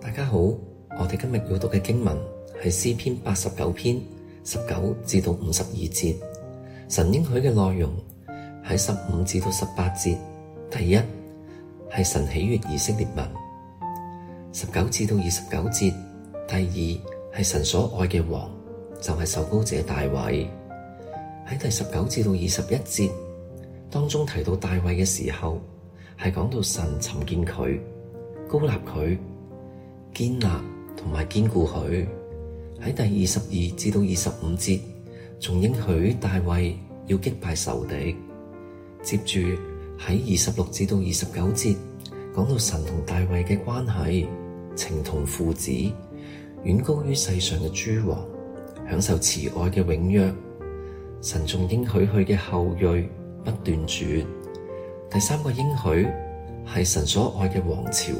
大家好，我哋今日要讀嘅經文係詩篇八十九篇十九至到五十二節，神應許嘅內容喺十五至到十八節，第一係神喜悅以色列民；十九至到二十九節，第二係神所愛嘅王就係、是、受膏者大衛。喺第十九至到二十一節當中提到大衛嘅時候，係講到神尋見佢，高立佢。堅立同埋堅固佢喺第二十二至到二十五節，仲應許大衛要擊敗仇敵。接住喺二十六至到二十九節，講到神同大衛嘅關係，情同父子，遠高於世上嘅諸王，享受慈愛嘅永約。神仲應許佢嘅後裔不斷絕。第三個應許係神所愛嘅王朝。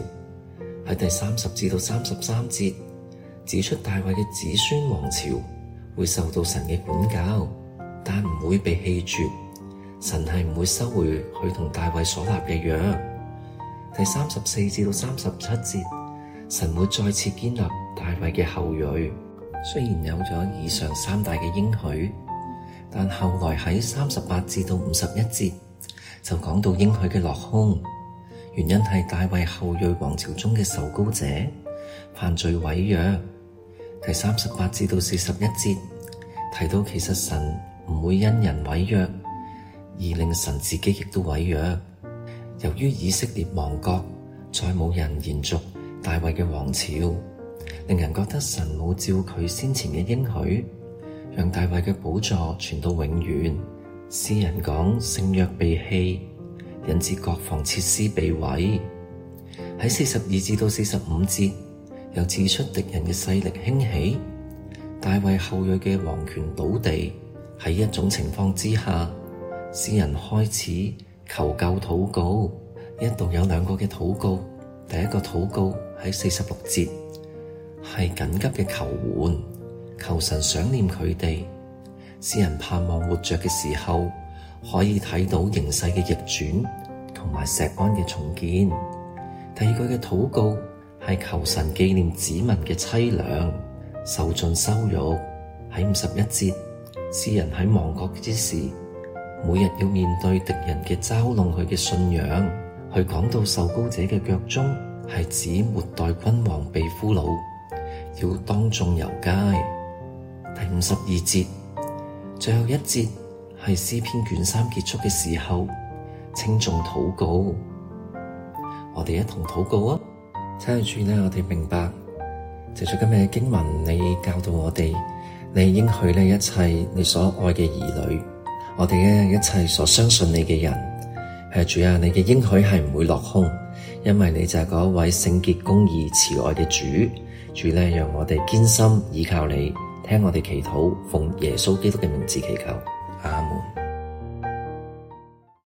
喺第三十至到三十三節指出大衛嘅子孫王朝會受到神嘅管教，但唔會被棄絕。神係唔會收回佢同大衛所立嘅約。第三十四至到三十七節，神會再次建立大衛嘅後裔。雖然有咗以上三大嘅應許，但後來喺三十八至到五十一節就講到應許嘅落空。原因係大衛後裔王朝中嘅受膏者犯罪毀約。第三十八至到四十一節提到，其實神唔會因人毀約而令神自己亦都毀約。由於以色列亡國再冇人延續大衛嘅王朝，令人覺得神冇照佢先前嘅應許，讓大衛嘅寶座傳到永遠。詩人講聖約被棄，引致國防設施被毀。喺四十二至到四十五節，又指出敵人嘅勢力興起，大衛後裔嘅王權倒地。喺一種情況之下，詩人開始求救禱告。一度有兩個嘅禱告，第一個禱告喺四十六節，係緊急嘅求援，求神想念佢哋，詩人盼望活着嘅時候。可以睇到形勢嘅逆轉同埋錫安嘅重建。第二句嘅禱告係求神紀念子民嘅淒涼、受盡羞辱。喺五十一節，詩人喺亡國之時，每日要面對敵人嘅嘲弄，佢嘅信仰。佢講到受膏者嘅腳蹤，係指末代君王被俘虜，要當眾遊街。第五十二節，最後一節。係詩篇卷三結束嘅時候，請眾禱告，我哋一同禱告啊！請注意咧，我哋明白，藉住今日嘅經文，你教導我哋，你應許呢一切你所愛嘅兒女，我哋嘅一切所相信你嘅人，係，主啊，你嘅應許係唔會落空，因為你就係嗰一位聖潔、公義、慈愛嘅主。主呢，讓我哋堅心倚靠你，聽我哋祈禱，奉耶穌基督嘅名字祈求。